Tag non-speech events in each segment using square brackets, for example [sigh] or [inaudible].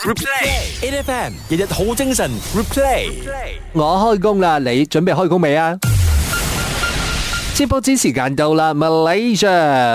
Replay!8FM，日日好精神 !Replay! 我開工啦，你準備開工未啊？接波之時間到啦，Malaysia，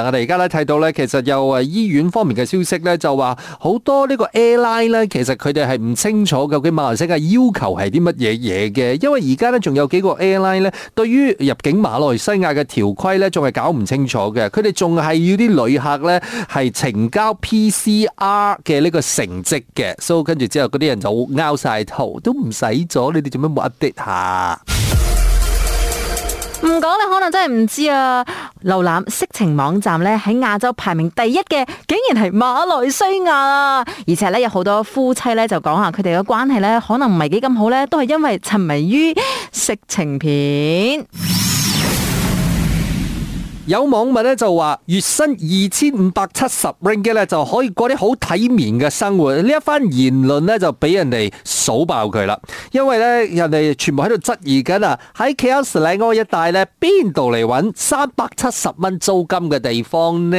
我哋而家咧睇到咧，其實又係醫院方面嘅消息咧，就話好多呢個 airline 咧，其實佢哋係唔清楚究竟馬來西亞要求係啲乜嘢嘢嘅，因為而家咧仲有幾個 airline 咧，對於入境馬來西亞嘅條規咧，仲係搞唔清楚嘅，佢哋仲係要啲旅客咧係呈交 PCR 嘅呢個成績嘅，所以跟住之後嗰啲人就拗晒頭，都唔使咗，你哋做咩冇 update 下？唔講你可能真係唔知啊！瀏覽色情網站咧喺亞洲排名第一嘅，竟然係馬來西亞啊！而且咧有好多夫妻咧就講下佢哋嘅關係咧可能唔係幾咁好咧，都係因為沉迷於色情片。有網民咧就話，月薪二千五百七十 ringgit 嘅咧，就可以過啲好體面嘅生活。呢一番言論咧就俾人哋數爆佢啦，因為咧人哋全部喺度質疑緊啊！喺 Kingsley 安一帶咧，邊度嚟揾三百七十蚊租金嘅地方呢？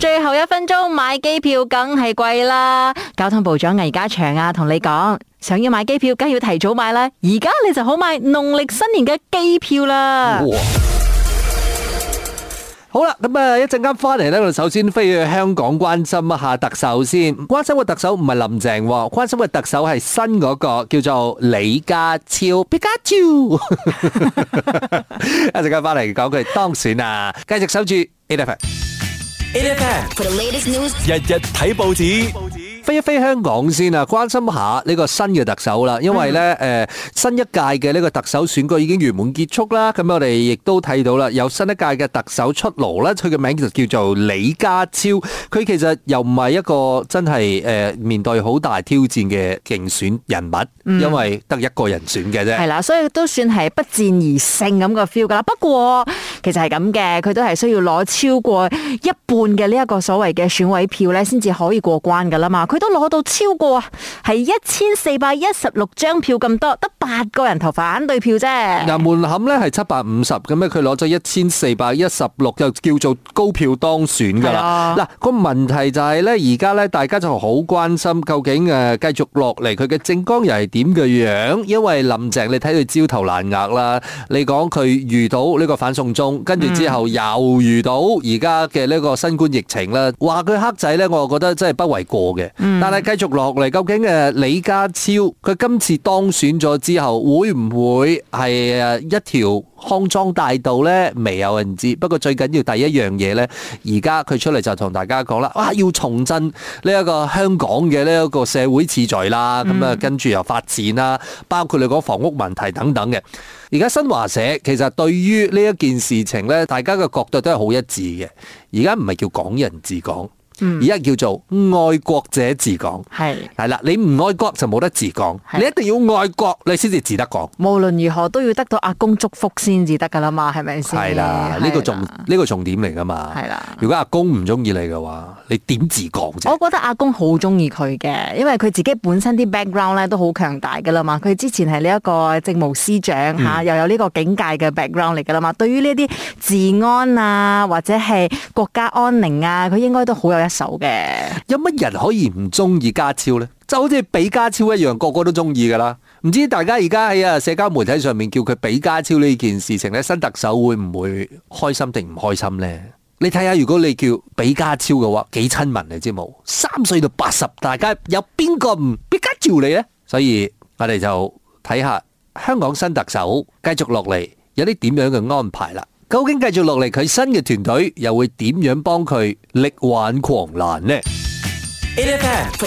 最後一分鐘買機票梗係貴啦！交通部長魏家祥啊，同你講。想要買機票，梗係要提早買啦！而家你就好買農曆新年嘅機票啦。好啦，咁啊一陣間翻嚟呢，我首先飛去香港關心一下特首先。關心個特首唔係林鄭，關心個特首係新嗰個叫做李家超。Pikachu，一陣間翻嚟講句當選啊！繼續守住 Eleven，Eleven，日日睇報紙。講一飛香港先啊！關心下呢個新嘅特首啦，因為咧誒新一屆嘅呢個特首選舉已經圓滿結束啦。咁我哋亦都睇到啦，有新一屆嘅特首出爐啦。佢嘅名就叫做李家超。佢其實又唔係一個真係誒面對好大挑戰嘅競選人物，因為得一個人選嘅啫。係啦，所以都算係不戰而勝咁嘅 feel 㗎啦。不過其實係咁嘅，佢都係需要攞超過一半嘅呢一個所謂嘅選委票咧，先至可以過關㗎啦嘛。佢都攞到超過啊，係一千四百一十六張票咁多，得八個人投反對票啫。嗱，門檻咧係七百五十噉，佢攞咗一千四百一十六，就叫做高票當選噶啦。嗱，個問題就係咧，而家咧大家就好關心，究竟誒繼續落嚟佢嘅政綱又係點嘅樣？因為林鄭你睇佢焦頭爛額啦，你講佢遇到呢個反送中，跟住之後又遇到而家嘅呢個新冠疫情啦，話佢黑仔咧，我覺得真係不為過嘅。但係繼續落嚟，究竟誒李家超佢今次當選咗之後，會唔會係一條康莊大道呢？未有人知。不過最緊要第一樣嘢呢，而家佢出嚟就同大家講啦，哇要重振呢一個香港嘅呢一個社會秩序啦，咁啊、嗯、跟住又發展啦，包括你講房屋問題等等嘅。而家新華社其實對於呢一件事情呢，大家嘅角度都係好一致嘅。而家唔係叫港人治港。而家、嗯、叫做愛國者治港係啦，你唔愛國就冇得治港的你一定要愛國你先至治得港無論如何都要得到阿公祝福先至得噶啦嘛，係咪先？係啦，呢個重呢個重點嚟噶嘛。係啦，如果阿公唔中意你嘅話，你點治港啫？我覺得阿公好中意佢嘅，因為佢自己本身啲 background 咧都好強大噶啦嘛。佢之前係呢一個政務司長吓、啊，又有呢個警界嘅 background 嚟噶啦嘛。嗯、對於呢啲治安啊或者係國家安寧啊，佢應該都好有。手嘅，有乜人可以唔中意家超呢？就好似比家超一樣，個個都中意噶啦。唔知大家而家喺啊社交媒體上面叫佢比家超呢件事情呢，新特首會唔會開心定唔開心呢？你睇下，如果你叫比家超嘅話，幾親民你知冇？三歲到八十，大家有邊個唔必家超你呢？所以我哋就睇下香港新特首繼續落嚟，有啲點樣嘅安排啦。究竟繼續落嚟佢新嘅團隊又會點樣幫佢力挽狂瀾呢？Past,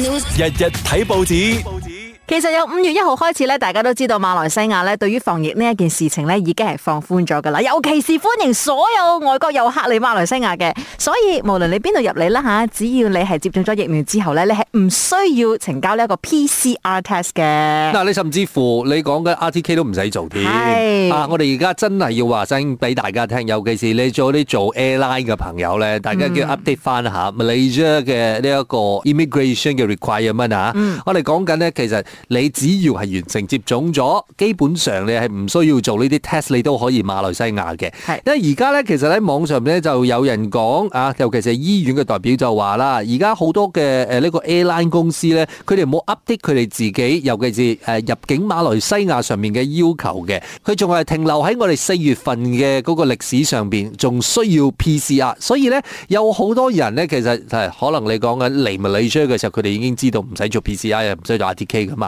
news, 日日睇報紙。日日其實由五月一號開始咧，大家都知道馬來西亞咧，對於防疫呢一件事情咧，已經係放寬咗噶啦。尤其是歡迎所有外國遊客嚟馬來西亞嘅，所以無論你邊度入嚟啦吓，只要你係接種咗疫苗之後咧，你係唔需要呈交呢一個 PCR test 嘅。嗱，你甚至乎你講嘅 RTK 都唔使做添。是啊，我哋而家真係要話聲俾大家聽，尤其是你做啲做 airline 嘅朋友咧，大家叫 update 翻下 Malaysia 嘅呢一個 immigration 嘅 requirement 啊。嗯。我哋講緊呢其實。你只要係完成接種咗，基本上你係唔需要做呢啲 test，你都可以馬來西亞嘅。係是，因為而家咧，其實喺網上面咧就有人講啊，尤其是醫院嘅代表就話啦，而家好多嘅呢個 airline 公司咧，佢哋冇 update 佢哋自己，尤其是入境馬來西亞上面嘅要求嘅，佢仲係停留喺我哋四月份嘅嗰個歷史上面，仲需要 PCR，所以咧有好多人咧，其實可能你講緊嚟馬來西亞嘅時候，佢哋已經知道唔使做 PCR，唔使做 RTK 噶嘛。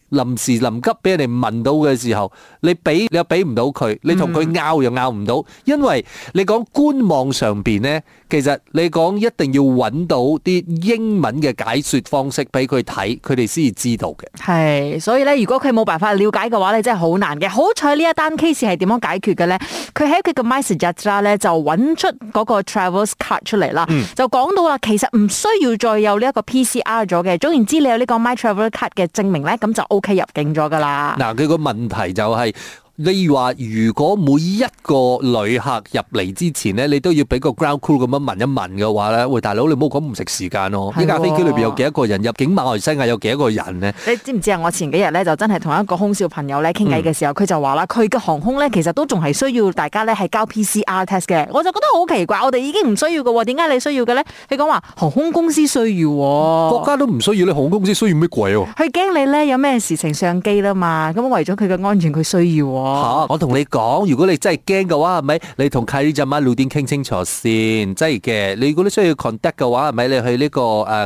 臨時臨急俾人哋問到嘅時候，你俾你又俾唔到佢，你同佢拗又拗唔到，因為你講官網上邊咧，其實你講一定要揾到啲英文嘅解説方式俾佢睇，佢哋先至知道嘅。係，所以咧，如果佢冇辦法瞭解嘅話咧，真係好難嘅。好彩呢一單 case 係點樣解決嘅咧？佢喺佢嘅 message 啦咧，就揾出嗰個 travel card 出嚟啦，就講到話其實唔需要再有呢一個 PCR 咗嘅。總言之，你有呢個 my travel card 嘅證明咧，咁就。屋企入境咗噶啦，嗱，佢個問題就係、是。你話如果每一個旅客入嚟之前呢，你都要俾個 ground crew 咁樣問一問嘅話咧，喂，大佬你唔好講唔食時間咯、哦！一架飛機裏面有幾多個人？入境馬來西亞有幾多個人呢？你知唔知啊？我前幾日咧就真係同一個空少朋友咧傾偈嘅時候，佢、嗯、就話啦，佢嘅航空咧其實都仲係需要大家咧係交 PCR test 嘅。我就覺得好奇怪，我哋已經唔需要嘅喎，點解你需要嘅咧？你講話航空公司需要、啊，國家都唔需要你航空公司需要咩鬼喎、啊？佢驚你咧有咩事情上機啦嘛，咁為咗佢嘅安全佢需要、啊。吓、啊！我同你講，如果你真係驚嘅話，係咪你同契呢隻媽旅店傾清楚先？真係嘅，你如果你需要 contact 嘅話，係咪你去呢個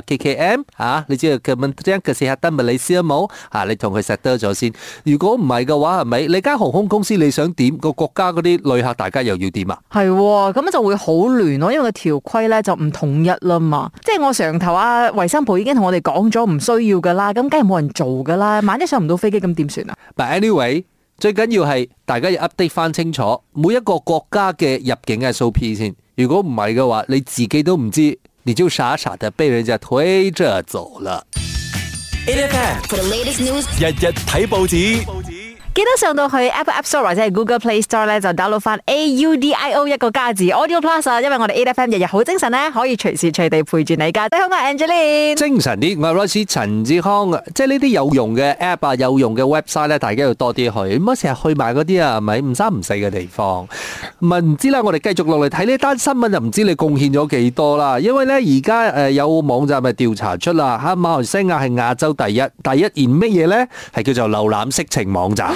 KKM、啊、你知要佢問張格斯克得米你斯有冇你同佢 set 咗咗先。如果唔係嘅話，係咪你間航空公司你想點？個國家嗰啲旅客大家又要點啊？係喎、哦，咁就會好亂咯，因為個條規咧就唔統一啦嘛。即係我上頭啊，衞生部已經同我哋講咗唔需要噶啦，咁梗係冇人做噶啦。萬一上唔到飛機，咁點算啊？But anyway. 最緊要係大家要 update 翻清楚每一個國家嘅入境嘅 SOP 先，如果唔係嘅話，你自己都唔知，你就傻傻哋，就被人家推着走了。日日睇報紙。報紙記得上到去 Apple App Store 或者係 Google Play Store 咧，就 download 翻 Audio 一個加字 Audio Plus 啊，因為我哋 AFM 日日好精神咧，可以隨時隨地陪住你噶。你好啊，我係 Angeline。精神啲，唔係 Rosie 陳志康，即係呢啲有用嘅 App 啊，有用嘅 Website 咧，大家要多啲去，唔好成日去埋嗰啲啊，咪唔三唔四嘅地方。唔係唔知啦，我哋繼續落嚟睇呢單新聞就唔知你貢獻咗幾多啦。因為咧而家誒有網站咪調查出啦，喺馬來西亞係亞洲第一，第一然乜嘢咧？係叫做瀏覽色情網站。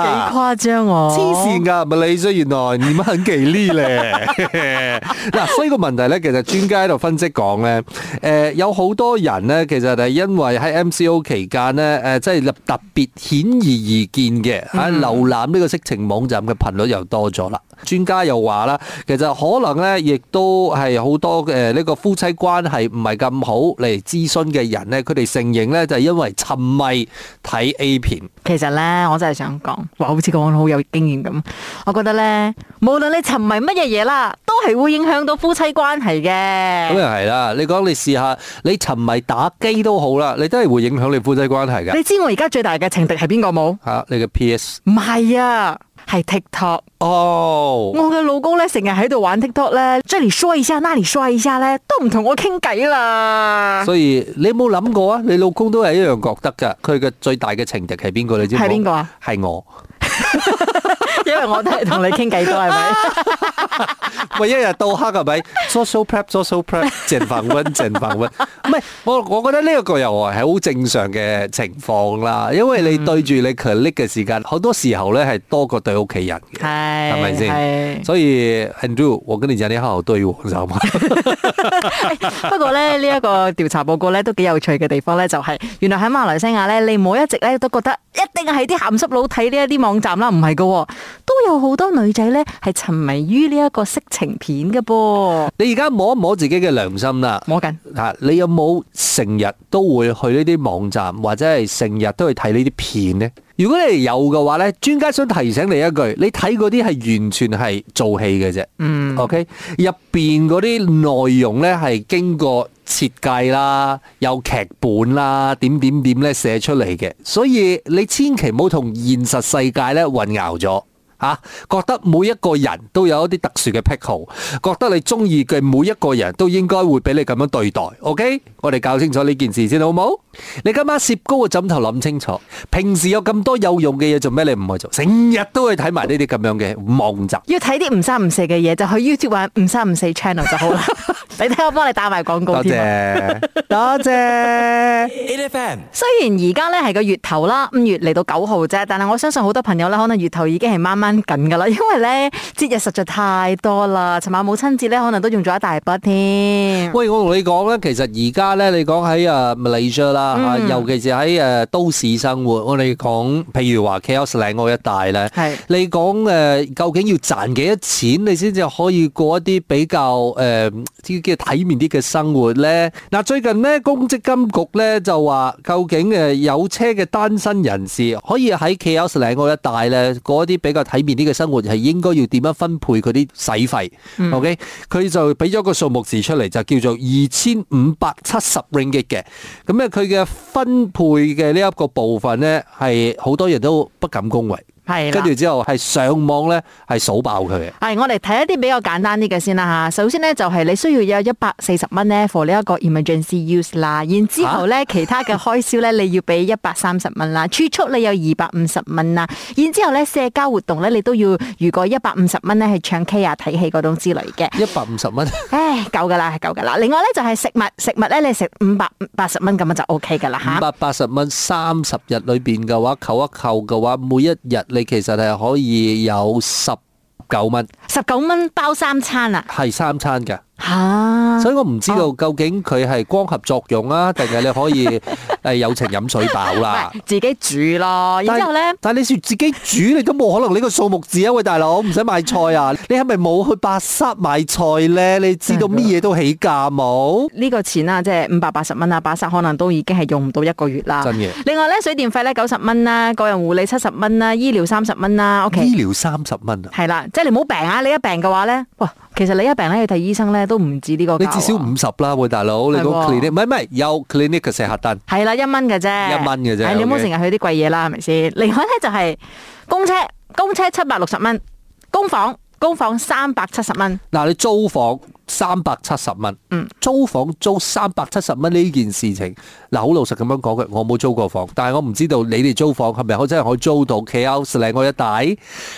幾誇張哦！黐線噶，咪理咗，原來你們很給力咧。嗱，所以個問題咧，其實專家喺度分析講咧，誒，有好多人咧，其實係因為喺 MCO 期間咧，誒，即係特別顯而易見嘅，喺瀏覽呢個色情網站嘅頻率又多咗啦。專家又話啦，其實可能咧，亦都係好多誒呢個夫妻關係唔係咁好嚟諮詢嘅人咧，佢哋承認咧就係因為沉迷睇 A 片。其實咧，我真係想講。哇，好似講好有經驗咁，我覺得呢，無論你沉迷乜嘢嘢啦，都係會影響到夫妻關係嘅。咁又係啦，你講你試下，你沉迷打機都好啦，你都係會影響你夫妻關係嘅，啊。你知我而家最大嘅情敵係邊個冇？吓，你嘅 PS 唔係啊。係 TikTok 哦，oh，我嘅老公咧成日喺度玩 TikTok 咧，即係你 scroll 一下，嗱你 scroll 一下咧，都唔同我傾偈啦。所以你有冇諗過啊？你老公都係一樣覺得噶，佢嘅最大嘅情敵係邊個？你知唔知？係邊個啊？係我。因為我都係同你傾偈多，係咪？喂，一日到黑，係咪？social prep，social prep，淨翻溫，淨翻溫。唔係，我我覺得呢一個又係好正常嘅情況啦。因為你對住你 click 嘅時間，好多時候咧係多過對屋企人嘅，係係咪先？所以 Andrew，我跟你講，你要好好對我，知道嗎？不過咧，呢一個調查報告咧都幾有趣嘅地方咧，就係原來喺馬來西亞咧，你唔好一直咧都覺得一定係啲鹹濕佬睇呢一啲網站啦，唔係噶。都有好多女仔呢，係沉迷於呢一個色情片嘅噃。你而家摸一摸自己嘅良心啦，摸緊，你有冇成日都會去呢啲網站，或者係成日都去睇呢啲片呢？如果你有嘅話呢，專家想提醒你一句，你睇嗰啲係完全係做戲嘅啫。嗯，OK，入邊嗰啲內容呢，係經過設計啦，有劇本啦，點點點咧寫出嚟嘅，所以你千祈唔好同現實世界咧混淆咗。嚇，覺得每一個人都有一啲特殊嘅癖好，覺得你中意嘅每一個人都應該會俾你咁樣對待。OK，我哋搞清楚呢件事先好冇？你今晚攝高個枕頭諗清楚。平時有咁多有用嘅嘢做咩？你唔去做，成日都去睇埋呢啲咁樣嘅妄雜。要睇啲唔三唔四嘅嘢，就去 YouTube 揾唔三唔四 channel 就好啦。你睇我幫你打埋廣告添。多謝，多謝。8FM 雖然而家咧係個月頭啦，五月嚟到九號啫，但係我相信好多朋友咧，可能月頭已經係掹掹。緊噶啦，因為咧節日實在太多啦。尋晚母親節咧，可能都用咗一大筆添。喂，我同你講咧，其實而家咧，你講喺啊 Malaysia 啦，嗯、尤其是喺誒都市生活，我哋講，譬如話 Kioshing 嗰一帶咧，係你講誒、呃，究竟要賺幾多錢，你先至可以過一啲比較誒，叫、呃、叫體面啲嘅生活咧？嗱、呃，最近呢公積金局咧就話，究竟誒有車嘅單身人士可以喺 Kioshing 嗰一帶咧過一啲比較體？裏面呢個生活係應該要點樣分配佢啲使費？OK，佢就俾咗個數目字出嚟，就叫做二千五百七十 ringgit 嘅。咁咧，佢嘅分配嘅呢一個部分咧，係好多人都不敢恭維。係，跟住之後係上網咧，係數爆佢嘅。係我哋睇一啲比較簡單啲嘅先啦吓。首先咧就係你需要有一百四十蚊咧 for 呢一個 emergency use 啦。然之後咧其他嘅開銷咧，你要俾一百三十蚊啦。儲蓄你有二百五十蚊啦。然之後咧社交活動咧，你都要如果一百五十蚊咧，係唱 K 啊、睇戲嗰種之類嘅。一百五十蚊， [laughs] 唉，夠噶啦，係夠噶啦。另外咧就係、係、食物，食物咧你食五百八十蚊咁樣就 OK 噶啦吓。五百八十蚊，三十日裏邊嘅話，扣一扣嘅話，每一日你。你其實係可以有十九蚊，十九蚊包三餐啊，係三餐㗎。吓，啊、所以我唔知道究竟佢係光合作用啊，定係你可以誒有情飲水飽啦， [laughs] 自己煮咯。但然之後咧，但係你說自己煮， [laughs] 你都冇可能呢個數目字啊！喂，大佬唔使買菜啊， [laughs] 你係咪冇去巴剎買菜咧？你知道乜嘢都起價冇？呢個錢啊，即係五百八十蚊啊，巴剎可能都已經係用唔到一個月啦。真嘅的。另外咧，水電費咧九十蚊啦，個人護理七十蚊啦，醫療三十蚊啦。Okay、醫療三十蚊啊，係啦， [laughs] 即係你唔好病啊！你一病嘅話咧，哇！其實你一病咧，去睇醫生咧，都唔止呢個價，你至少五十啦，會，大佬，你都 clinic，唔係唔係有 clinic 嘅客單，係啦 okay 一蚊嘅啫，一蚊嘅啫，你唔好成日去啲貴嘢啦，係咪先？另外咧就係公車，公車七百六十蚊，公房、公房三百七十蚊。嗱，你租房，三百七十蚊，嗯，租房租三百七十蚊呢件事情，嗱好老實咁樣講嘅，我冇租過房，但係我唔知道你哋租房係咪可以租到其他十一帶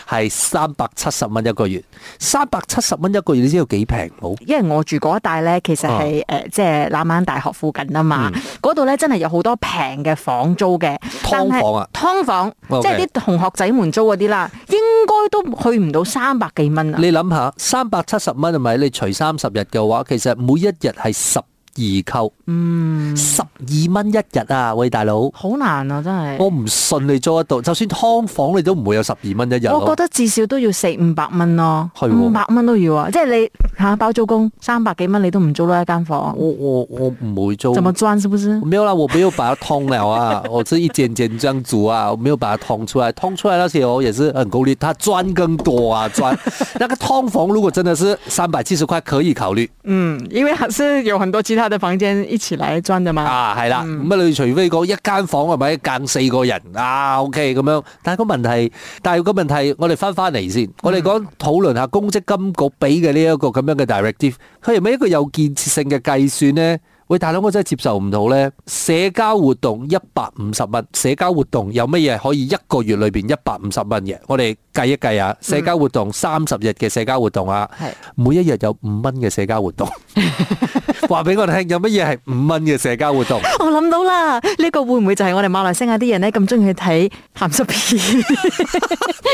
係三百七十蚊一個月，三百七十蚊一個月，你知道幾平好，因為我住嗰一帶咧，其實係誒即係喇曼大學附近啊嘛，嗰度咧真係有好多平嘅房租嘅，劏房啊，劏房，即係啲同學仔們租嗰啲啦，okay 應該都去唔到三百幾蚊啊！你諗下，三百七十蚊係咪？你除三十日嘅話，其實每一日係十二扣，嗯，十二蚊一日啊，喂大，大佬，好難啊，真係，我唔信你租得到，就算劏房你都唔會有十二蚊一日，啊。我覺得至少都要四五百蚊咯，哦，五百蚊都要啊，即係你吓，啊、包租公三百幾蚊你都唔租咯一間房。我我我唔會租。怎麼賺是不是？沒有啦，我沒有把它劏了啊， [laughs] 我是一件件這樣煮啊，我沒有把它劏出來，劏出來那時候我也是很高利，它賺更多啊賺。賺 [laughs] 那個劏房如果真的是三百七十塊可以考慮。嗯，因為還是有很多其他。他的房間一起來裝的嘛啊，係啦。咁啊你除非講一間房係咪一間四個人啊？OK 咁樣，但係個問題，但係個問題，我哋翻翻嚟先，我哋講討論下公積金局俾嘅呢一個咁樣嘅 directive，佢係咪一個有建設性嘅計算咧？喂大佬，我真係接受唔到咧，社交活動一百五十蚊，社交活動有乜嘢可以一個月裏邊一百五十蚊嘅？我哋。計一計啊，社交活動三十日嘅社交活動啊，係每一日有五蚊嘅社交活動，話俾我哋聽有乜嘢係五蚊嘅社交活動？我諗到啦，呢個會唔會就係我哋馬來西亞啲人咧咁中意去睇鹹濕片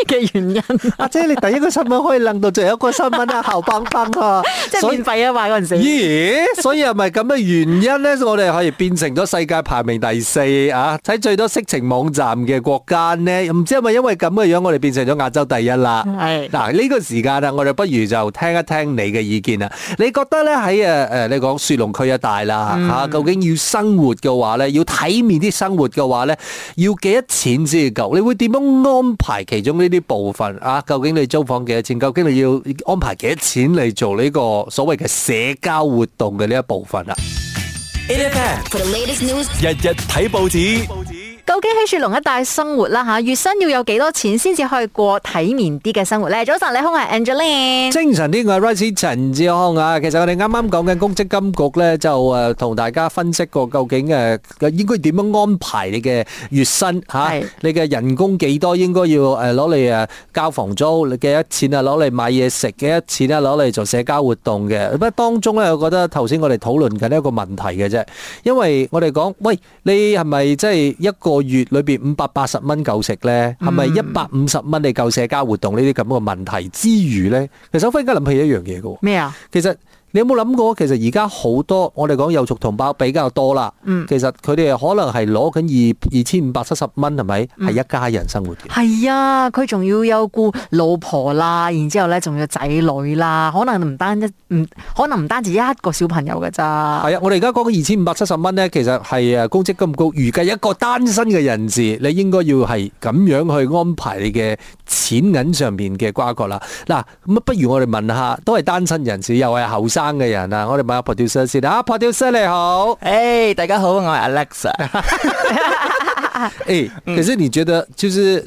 嘅原因？阿姐，你第一個新聞可以諗到最後一個新聞啊，後崩崩啊，即係免費啊嘛嗰陣時。咦，所以係咪咁嘅原因咧？我哋可以變成咗世界排名第四啊，喺最多色情網站嘅國家咧，唔知係咪因為咁嘅樣，我哋變成咗亞。亞洲第一啦，係嗱，呢個時間啊，我哋不如就聽一聽你嘅意見啊。你覺得咧喺，誒誒，你講雪龍區一帶啦吓，究竟要生活嘅話咧，要體面啲生活嘅話咧，要幾多錢先夠？你會點樣安排其中呢啲部分啊？究竟你租房幾多錢？究竟你要安排幾多錢嚟做呢個所謂嘅社交活動嘅呢一部分啊？日日睇報紙。究竟喺雪隆一帶生活啦吓，月薪要有幾多錢先至可以過體面啲嘅生活咧？早晨，你好，我係 Angeline，精神呢個係 Rising 陳志康啊。其實我哋啱啱講緊公積金局咧，就誒同大家分析過究竟誒應該點樣安排你嘅月薪吓，你嘅人工幾多應該要誒攞嚟誒交房租你嘅一錢啊，攞嚟買嘢食嘅一錢啊，攞嚟做社交活動嘅。不過當中咧，我覺得頭先我哋討論緊一個問題嘅啫，因為我哋講喂，你係咪即係一個？個月裏邊五百八十蚊夠食呢？係咪一百五十蚊你夠社交活動呢啲咁嘅問題之餘呢？其實我忽然間諗起一樣嘢嘅，咩啊？其實。你有冇諗過？其實而家好多我哋講友族同胞比較多啦。嗯、其實佢哋可能係攞緊二二千五百七十蚊，係咪？係、嗯、一家人生活嘅。係啊，佢仲要有顧老婆啦，然之後咧仲要仔女啦。可能唔單一，唔可能唔單止一個小朋友㗎咋。係啊，我哋而家講嘅二千五百七十蚊咧，其實係公職咁高，預計一個單身嘅人士，你應該要係咁樣去安排你嘅錢銀上面嘅瓜葛啦。嗱，咁啊，不如我哋問下，都係單身人士，又係後生。啱嘅呀，嗱，我哋咪 producer 先啊，producer 你好，誒、嗯，大家好，我係 Alex，誒，可是你覺得，就是。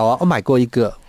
好啊，我買過一個。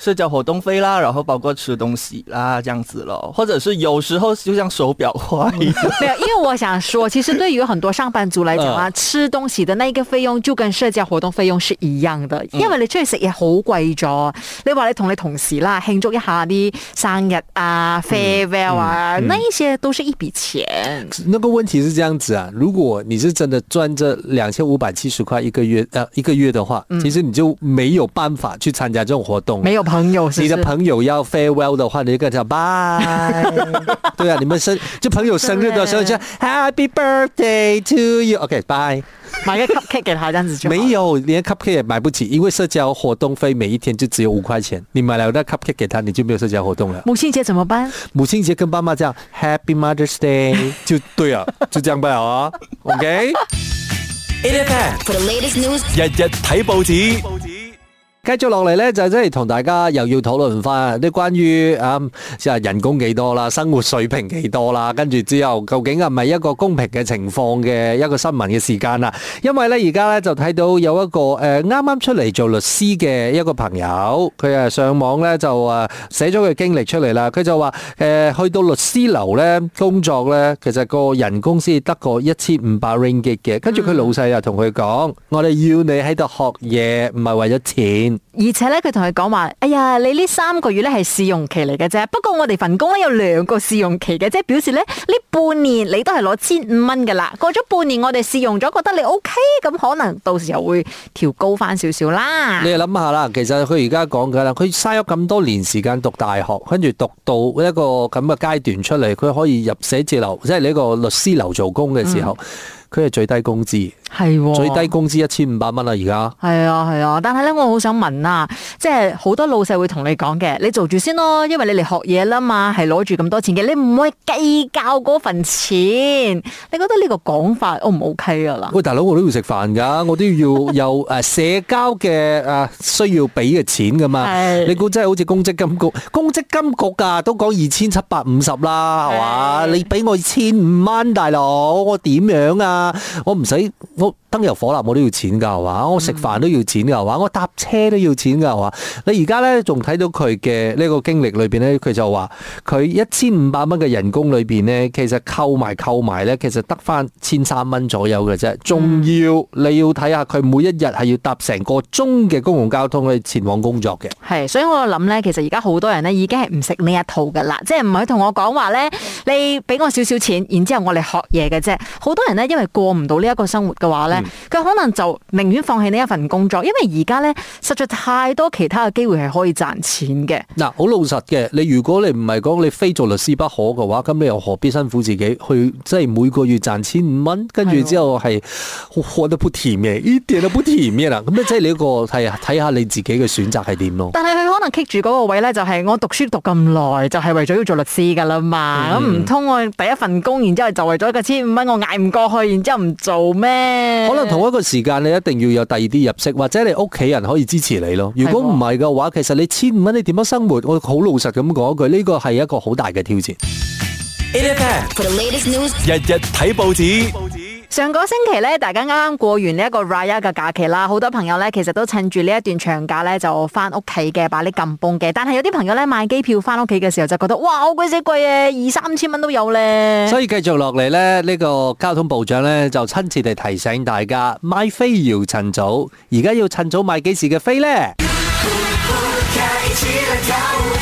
社交活動費啦，然後包括吃東西啦，這樣子咯，或者是有時候就像手表壞一樣。沒有，因為我想說，其實對於很多上班族來講啊， [laughs] 吃東西的那一個費用就跟社交活動費用是一樣的，因為你出去食嘢好貴咗。嗯、你話你同你同事啦慶祝一下啲生日啊，farewell，嗯、啊，嗯嗯、那一些都是一筆錢。那個問題是這樣子啊，如果你是真的賺這兩千五百七十塊一個月呃一個月的話，其實你就沒有辦法去參加這種活動，沒有。朋友，你的朋友要 farewell 的話，你就跟他講 bye。對啊，你們生就朋友生日的時候，就 Happy Birthday to you。OK，bye。買個 cupcake 給他這樣子就沒有，連 cupcake 也買不起，因為社交活動費每一天就只有五塊錢。你買了那 cupcake 給他，你就沒有社交活動了。母親節怎麼辦？母親節跟爸媽這樣 Happy Mother's Day 就對啊，就這樣辦啊。OK。It's time for the latest news。日日睇報紙。繼續落嚟咧，就即係同大家又要討論翻啲關於啊，即係人工幾多啦，生活水平幾多啦，跟住之後究竟係咪一個公平嘅情況嘅一個新聞嘅時間啦？因為咧而家咧就睇到有一個誒啱啱出嚟做律師嘅一個朋友，佢誒上網咧就啊寫咗佢經歷出嚟啦。佢就話誒去到律師樓咧工作咧，其實個人工先得過一千五百 ringgit 嘅，跟住佢老細又同佢講，我哋要你喺度學嘢，唔係為咗錢。而且咧，佢同佢講話，哎呀，你呢三個月咧係試用期嚟嘅啫。不過我哋份工咧有兩個試用期嘅，即係表示咧呢半年你都係攞千五蚊噶啦。過咗半年，我哋試用咗，覺得你 OK，咁可能到時候會調高翻少少啦。你諗下啦，其實佢而家講緊啦，佢嘥咗咁多年時間讀大學，跟住讀到一個咁嘅階段出嚟，佢可以入寫字樓，即係呢個律師樓做工嘅時候。嗯佢係最低工資，係、哦、最低工資一千五百蚊啦，而家係啊係啊，但係咧，我好想問啊，即係好多老細會同你講嘅，你做住先咯，因為你嚟學嘢啦嘛，係攞住咁多錢嘅，你唔可以計較嗰份錢。你覺得呢個講法 O 唔 O K 噶啦？喂，大佬，我都要食飯噶，我都要有誒社交嘅誒需要俾嘅錢噶嘛。 [laughs] 你估真係好似公積金局？公積金局啊都講二千七百五十啦，係嘛的？你俾我千五蚊，大佬，我點樣啊？我唔使我。燈油火蠟我都要錢㗎，係嘛？我食飯都要錢㗎，係嘛？我搭車都要錢㗎，係嘛？你而家咧仲睇到佢嘅呢個經歷裏邊咧，佢就話佢一千五百蚊嘅人工裏邊咧，其實扣埋扣埋咧，其實得翻千三蚊左右嘅啫。仲要你要睇下佢每一日係要搭成個鐘嘅公共交通去前往工作嘅。係，所以我諗咧，其實而家好多人咧已經係唔食呢一套㗎啦，即係唔係同我講話咧？你俾我少少錢，然之後我嚟學嘢嘅啫。好多人咧，因為過唔到呢一個生活嘅話咧。佢可能就寧願放棄呢一份工作，因為而家咧實在太多其他嘅機會係可以賺錢嘅。嗱，好老實嘅，你如果你唔係講你非做律師不可嘅話，咁你又何必辛苦自己去，即係每個月賺千五蚊，跟住之後係揾到好甜嘅，跌到好甜嘅啦。咁 [laughs] 即係你看一個係睇下你自己嘅選擇係點咯。但係佢可能棘住嗰個位咧，就係我讀書讀咁耐，就係、係、為咗要做律師噶啦嘛。咁唔通我第一份工，然之後就為咗個千五蚊，我捱唔過去，然之後唔做咩？可能同一個時間，你一定要有第二啲入息，或者你屋企人可以支持你咯。如果唔係嘅話，其實你千五蚊，你點樣生活？我好老實咁講一句，呢個係一個好大嘅挑戰。日日睇報紙。報紙上個星期咧，大家啱啱過完呢一個 Raya 嘅假期啦，好多朋友咧其實都趁住呢一段長假咧就翻屋企嘅，把啲撳泵嘅。但係有啲朋友咧買機票翻屋企嘅時候就覺得，哇，好鬼死貴啊，二三千蚊都有咧。所以繼續落嚟咧，呢個交通部長咧就親切地提醒大家買飛要趁早，而家要趁早買幾時嘅飛呢？ [music]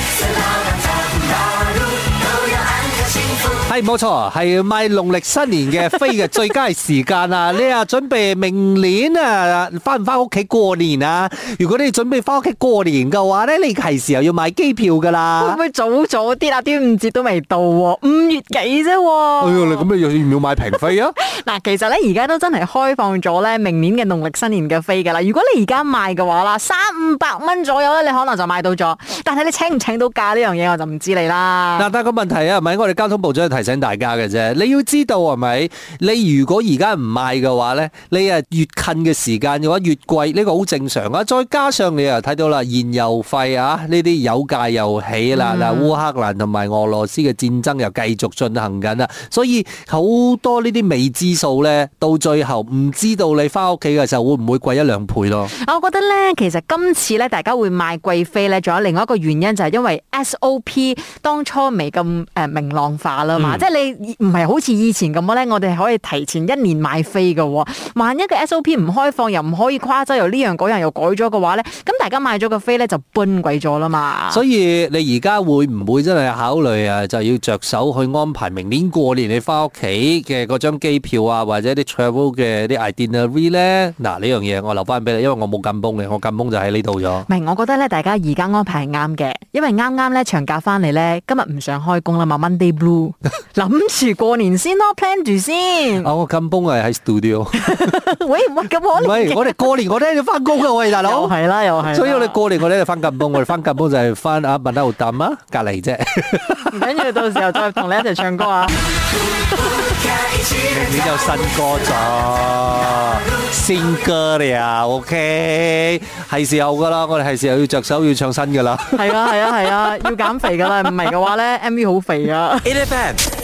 冇錯，係買農曆新年嘅飛嘅最佳時間啊！ [laughs] 你啊，準備明年啊，翻唔翻屋企過年啊？如果你準備翻屋企過年嘅話咧，你係時候要買機票噶啦。可唔可以早早啲啊？端午節都未到喎、啊，五月幾啫、啊？哎呀，咁咪要唔要買平飛啊？嗱， [laughs] 其實咧而家都真係開放咗咧，明年嘅農曆新年嘅飛噶啦。如果你而家買嘅話啦，三五百蚊左右咧，你可能就買到咗。但係你請唔請到假呢樣嘢，我就唔知你啦。嗱，但係個問題啊，係咪我哋交通部長提。請大家嘅啫，你要知道係咪？你如果而家唔賣嘅話呢，你啊，越近嘅時間嘅話，越貴呢個好正常啊！再加上你又睇到啦，燃油費啊，呢啲油價又起啦，嗯、烏克蘭同埋俄羅斯嘅戰爭又繼續進行緊啦，所以好多呢啲未知數呢，到最後唔知道你翻屋企嘅時候會唔會貴一兩倍咯。我覺得呢，其實今次呢，大家會賣貴飛呢，仲有另外一個原因就係因為 SOP 當初未咁誒明朗化啦嘛即係你唔係好似以前咁咧，我哋可以提前一年買飛嘅。萬一個 S O P 唔開放又不，又唔可以跨州，又呢樣嗰樣又改咗嘅話咧，咁大家買咗個飛咧就搬鬼咗啦嘛。所以你而家會唔會真係考慮啊？就要着手去安排明年過年你翻屋企嘅嗰張機票啊，或者啲 travel 嘅啲 itinerary 咧？嗱、啊，呢樣嘢我留翻俾你，因為我冇緊崩嘅，我緊崩就喺呢度咗。唔係，我覺得咧，大家而家安排係啱嘅，因為啱啱咧長假翻嚟咧，今日唔想開工啦嘛，Monday Blue。 [laughs] 諗住過年先咯，plan 住先。我金邦係喺 studio。喂，我咁我唔係，我哋過年我都要翻工噶，我哋大佬係啦，又係。所以我哋過年我哋就翻金邦，我哋翻金邦就係翻啊文德豪淡啊隔籬啫。跟住到時候再同你一齊唱歌啊！明年有新歌咗，新歌嚟啊！OK，係時候噶啦，我哋係時候要着手要唱新噶啦。係啊係啊係啊，要減肥噶啦，唔係嘅話咧，MV 好肥啊！In the band。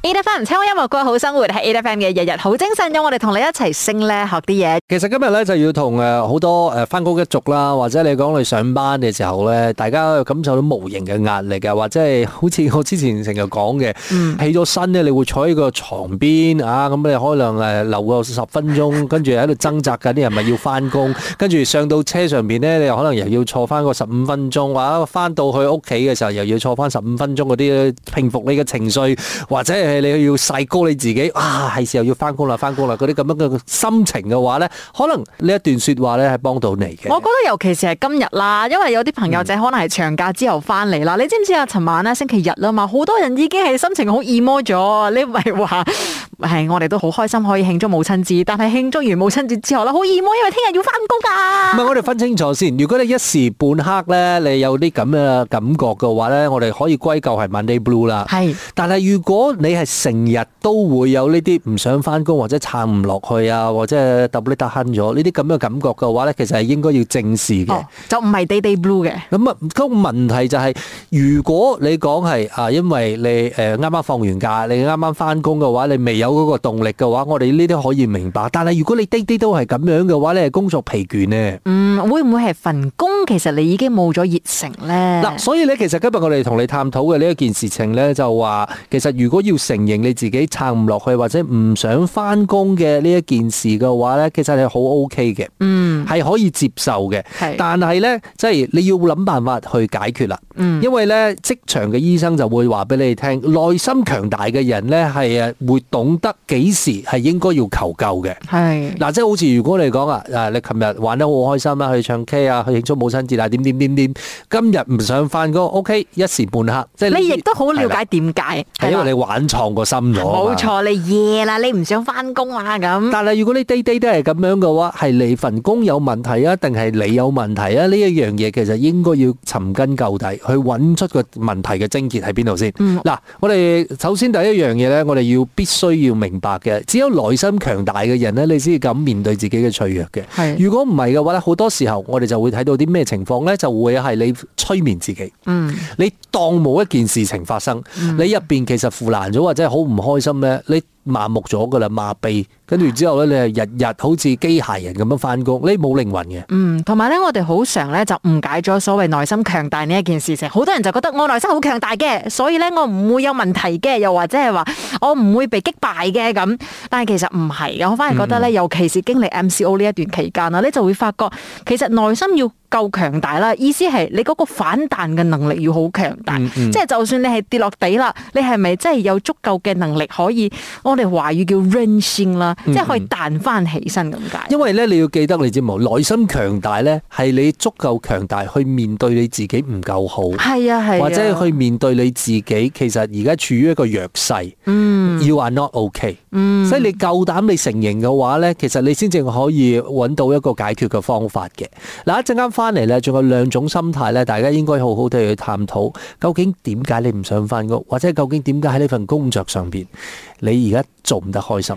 A F M 唔聽音樂過好生活係 A F M 嘅日日好精神，咁我哋同你一齊升咧，學啲嘢。其實今日咧就要同誒好多誒翻工一族啦，或者你講你上班嘅時候咧，大家感受到無形嘅壓力啊，或者係好似我之前成日講嘅，起咗身咧，你會坐喺個床邊啊，咁你可能誒留個十分鐘，跟住喺度掙扎緊啲 [laughs] 人咪要翻工，跟住上到車上邊咧，你又可能又要坐翻個十五分鐘，或者翻到去屋企嘅時候又要坐翻十五分鐘，嗰啲平服你嘅情緒或者。誒，你要細高，你自己啊，係時候要翻工啦，翻工啦！嗰啲咁樣嘅心情嘅話呢，可能呢一段説話呢係幫到你嘅。我覺得尤其是係今日啦，因為有啲朋友仔可能係長假之後翻嚟啦。嗯、你知唔知啊？尋晚咧星期日啦嘛，好多人已經係心情好 emo 咗。你唔係話係我哋都好開心可以慶祝母親節，但係慶祝完母親節之後咧，好 emo，因為聽日要翻工㗎。唔係，我哋分清楚先。如果你一時半刻呢，你有啲咁嘅感覺嘅話呢，我哋可以歸咎係 Monday Blue 啦。是但係如果你是係成日都會有呢啲唔想翻工或者撐唔落去啊，或者耷呢耷慳咗呢啲咁嘅感覺嘅話咧，其實係應該要正視嘅、哦，就唔係 day day blue 嘅。咁啊，咁問題就係、是，如果你講係啊，因為你啱啱放完假，你啱啱翻工嘅話，你未有嗰個動力嘅話，我哋呢啲可以明白。但係如果你啲啲都係咁樣嘅話，你係工作疲倦呢？嗯，會唔會係份工其實你已經冇咗熱誠咧？嗱、啊，所以咧，其實今日我哋同你探討嘅呢一件事情咧，就話其實如果要。承認你自己撐唔落去或者唔想返工嘅呢一件事嘅話咧，其實你好 OK 嘅，嗯，係可以接受嘅，係。但係咧，即係你要諗辦法去解決啦，嗯。因為咧，職場嘅醫生就會話俾你聽內心強大嘅人咧係誒會懂得幾時係應該要求救嘅，係。嗱，即係好似如果你講啊，誒你琴日玩得好開心啊去唱 K 啊，去慶祝母親節啊點點點點今日唔想返工，OK，一時半刻即係你亦都好了解點解，係因為你玩放心冇錯，你夜啦，你唔想翻工啦咁。但係如果你啲啲都係咁樣嘅話，係你份工有問題啊，定係你有問題啊？呢一樣嘢其實應該要尋根究底，去揾出個問題嘅症結喺邊度先。嗱、嗯，我哋首先第一樣嘢呢，我哋要必須要明白嘅，只有內心強大嘅人呢，你先至敢面對自己嘅脆弱嘅。是如果唔係嘅話，好多時候我哋就會睇到啲咩情況呢？就會係你催眠自己。嗯、你當冇一件事情發生，嗯、你入邊其實腐爛咗。或者好唔開心咧，你麻木咗噶啦，麻痹。跟住之後咧，你係日日好似機械人咁樣翻工，你冇靈魂嘅。嗯，同埋咧，我哋好常咧就誤解咗所謂內心強大呢一件事情。好多人就覺得我內心好強大嘅，所以咧我唔會有問題嘅，又或者係話我唔會被擊敗嘅咁。但係其實唔係嘅，我反而覺得咧，尤其是經歷 MCO 呢一段期間啦，嗯、你就會發覺其實內心要夠強大啦。意思係你嗰個反彈嘅能力要好強大，嗯嗯即係就算你係跌落地啦，你係咪真係有足夠嘅能力可以？我哋華語叫韌性啦。即係可以彈翻起身咁解、嗯，因為咧，你要記得你知唔知內心強大咧，係你足夠強大去面對你自己唔夠好，係啊，係、啊、或者去面對你自己，其實而家處於一個弱勢，嗯，you are not okay，嗯，所以你夠膽你承認嘅話咧，其實你先至可以揾到一個解決嘅方法嘅嗱。一陣間翻嚟咧，仲有兩種心態咧，大家應該好好地去探討，究竟點解你唔想翻工，或者究竟點解喺呢份工作上邊你而家做唔得開心。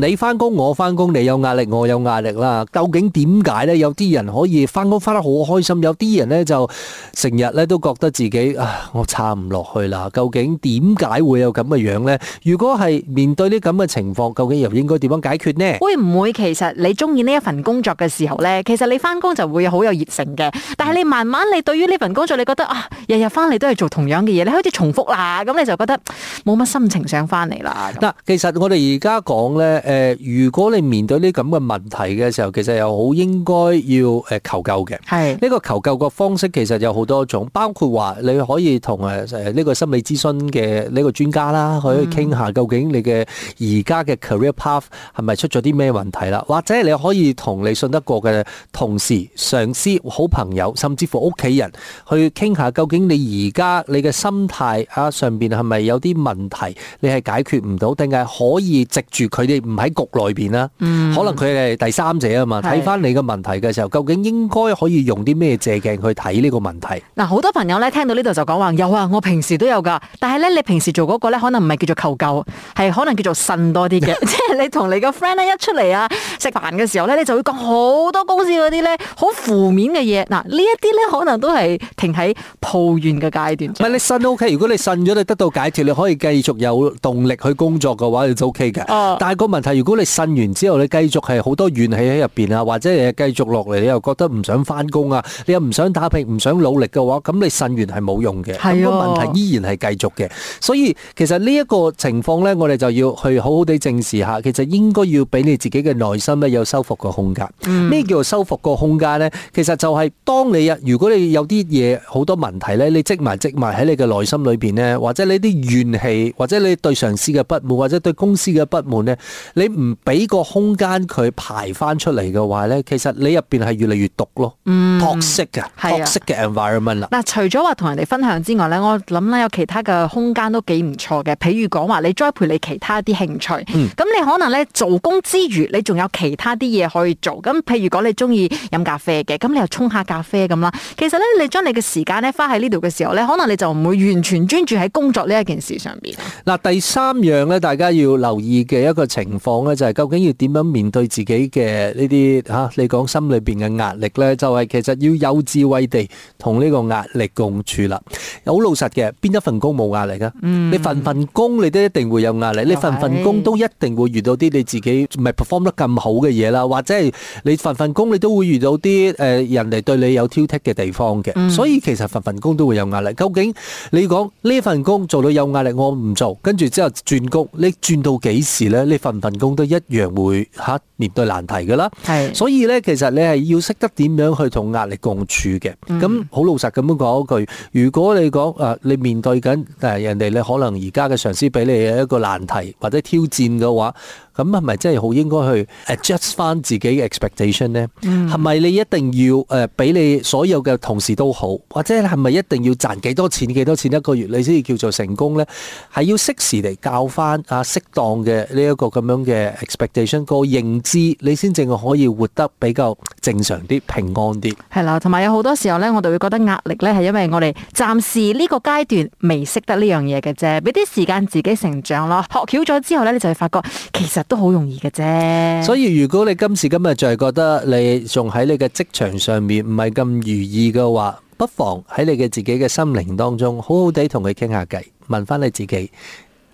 你翻工，我翻工，你有壓力，我有壓力啦。究竟點解呢？有啲人可以翻工翻得好開心，有啲人呢就成日咧都覺得自己啊，我撐唔落去啦。究竟點解會有咁嘅樣呢？如果係面對呢咁嘅情況，究竟又應該點樣解決呢？會唔會其實你中意呢一份工作嘅時候呢？其實你翻工就會好有熱誠嘅。但係你慢慢你對於呢份工作，你覺得啊，日日翻嚟都係做同樣嘅嘢，你開始重複啦，咁你就覺得冇乜心情想翻嚟啦。嗱，其實我哋而家講呢。誒，如果你面對呢咁嘅問題嘅時候，其實又好應該要誒求救嘅。係、這、呢個求救嘅方式其實有好多種，包括話你可以同誒誒呢個心理諮詢嘅呢個專家啦，去傾下究竟你嘅而家嘅 career path 係咪出咗啲咩問題啦？或者你可以同你信得過嘅同事、上司、好朋友，甚至乎屋企人去傾下，究竟你而家你嘅心態啊上面係咪有啲問題？你係解決唔到，定係可以藉住佢哋？唔喺局內邊啦，可能佢係第三者啊嘛。睇翻、嗯、你嘅問題嘅時候，究竟應該可以用啲咩借鏡去睇呢個問題？嗱，好多朋友咧聽到呢度就講話有啊，我平時都有噶，但係咧你平時做嗰個咧，可能唔係叫做求救，係可能叫做呻多啲嘅。即係 [laughs] 你同你個 friend 咧一出嚟啊食飯嘅時候咧，你就會講好多公司嗰啲咧好負面嘅嘢。嗱，呢一啲咧可能都係停喺抱怨嘅階段。唔係你呻都 OK，如果你呻咗你得到解決，你可以繼續有動力去工作嘅話，你就 OK 嘅。哦、呃，但係個問題。但，如果你呻完之後，你繼續係好多怨氣喺入邊啊，或者你繼續落嚟，你又覺得唔想翻工啊，你又唔想打拼、唔想努力嘅話，咁你呻完係冇用嘅，咁個問題依然係繼續嘅。所以其實呢一個情況咧，我哋就要去好好地正視下，其實應該要俾你自己嘅內心咧有修復嘅空間。咩叫做修復個空間咧？其實就係當你啊，如果你有啲嘢好多問題咧，你積埋積埋喺你嘅內心裏邊咧，或者你啲怨氣，或者你對上司嘅不滿，或者對公司嘅不滿咧。你唔俾個空間佢排翻出嚟嘅話咧，其實你入邊係越嚟越毒咯，toxic 嘅 toxic 嘅 environment 啦。嗱，啊、除咗話同人哋分享之外咧，我諗咧有其他嘅空間都幾唔錯嘅，譬如講話你栽培你其他啲興趣，咁、嗯、你可能咧做工之餘，你仲有其他啲嘢可以做。咁譬如講你中意飲咖啡嘅，咁你又沖下咖啡咁啦。其實咧，你將你嘅時間咧花喺呢度嘅時候咧，可能你就唔會完全專注喺工作呢一件事上邊。嗱，第三樣咧，大家要留意嘅一個情況。情況咧就係究竟要點樣面對自己嘅呢啲吓？你講心裏邊嘅壓力咧，就係其實要有智慧地同呢個壓力共處啦。好老實嘅，邊一份工冇壓力噶？你份份工你都一定會有壓力，你份份工都一定會遇到啲你自己唔係 perform 得咁好嘅嘢啦，或者係你份份工你都會遇到啲誒人哋對你有挑剔嘅地方嘅。所以其實份份工都會有壓力。究竟你講呢份工做到有壓力，我唔做，跟住之後轉工，你轉到幾時咧？呢份份工都一樣會嚇面對難題嘅啦，是所以咧，其實你係要識得點樣去同壓力共處嘅。咁好老實咁樣講一句，如果你講誒你面對緊誒人哋咧，可能而家嘅上司俾你一個難題或者挑戰嘅話。咁係咪真係好應該去 adjust 翻自己嘅 expectation 咧？係咪、嗯、你一定要誒俾你所有嘅同事都好，或者係咪一定要賺幾多錢幾多錢一個月你先至叫做成功呢？係要適時嚟教翻啊適當嘅呢一個咁樣嘅 expectation 個認知，你先正可以活得比較正常啲、平安啲。係啦，同埋有好多時候呢，我哋會覺得壓力呢係因為我哋暫時呢個階段未識得呢樣嘢嘅啫，俾啲時間自己成長咯。學曉咗之後呢，你就會發覺其實。都好容易嘅啫，所以如果你今時今日就係覺得你仲喺你嘅職場上面唔係咁如意嘅話，不妨喺你嘅自己嘅心靈當中，好好地同佢傾下偈，問翻你自己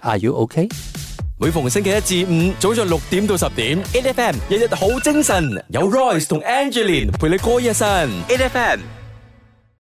，Are you OK？每逢星期一至五早上六點到十點，8FM 日日好精神，有 Royce 同 Angelin 陪你過一晨，8FM。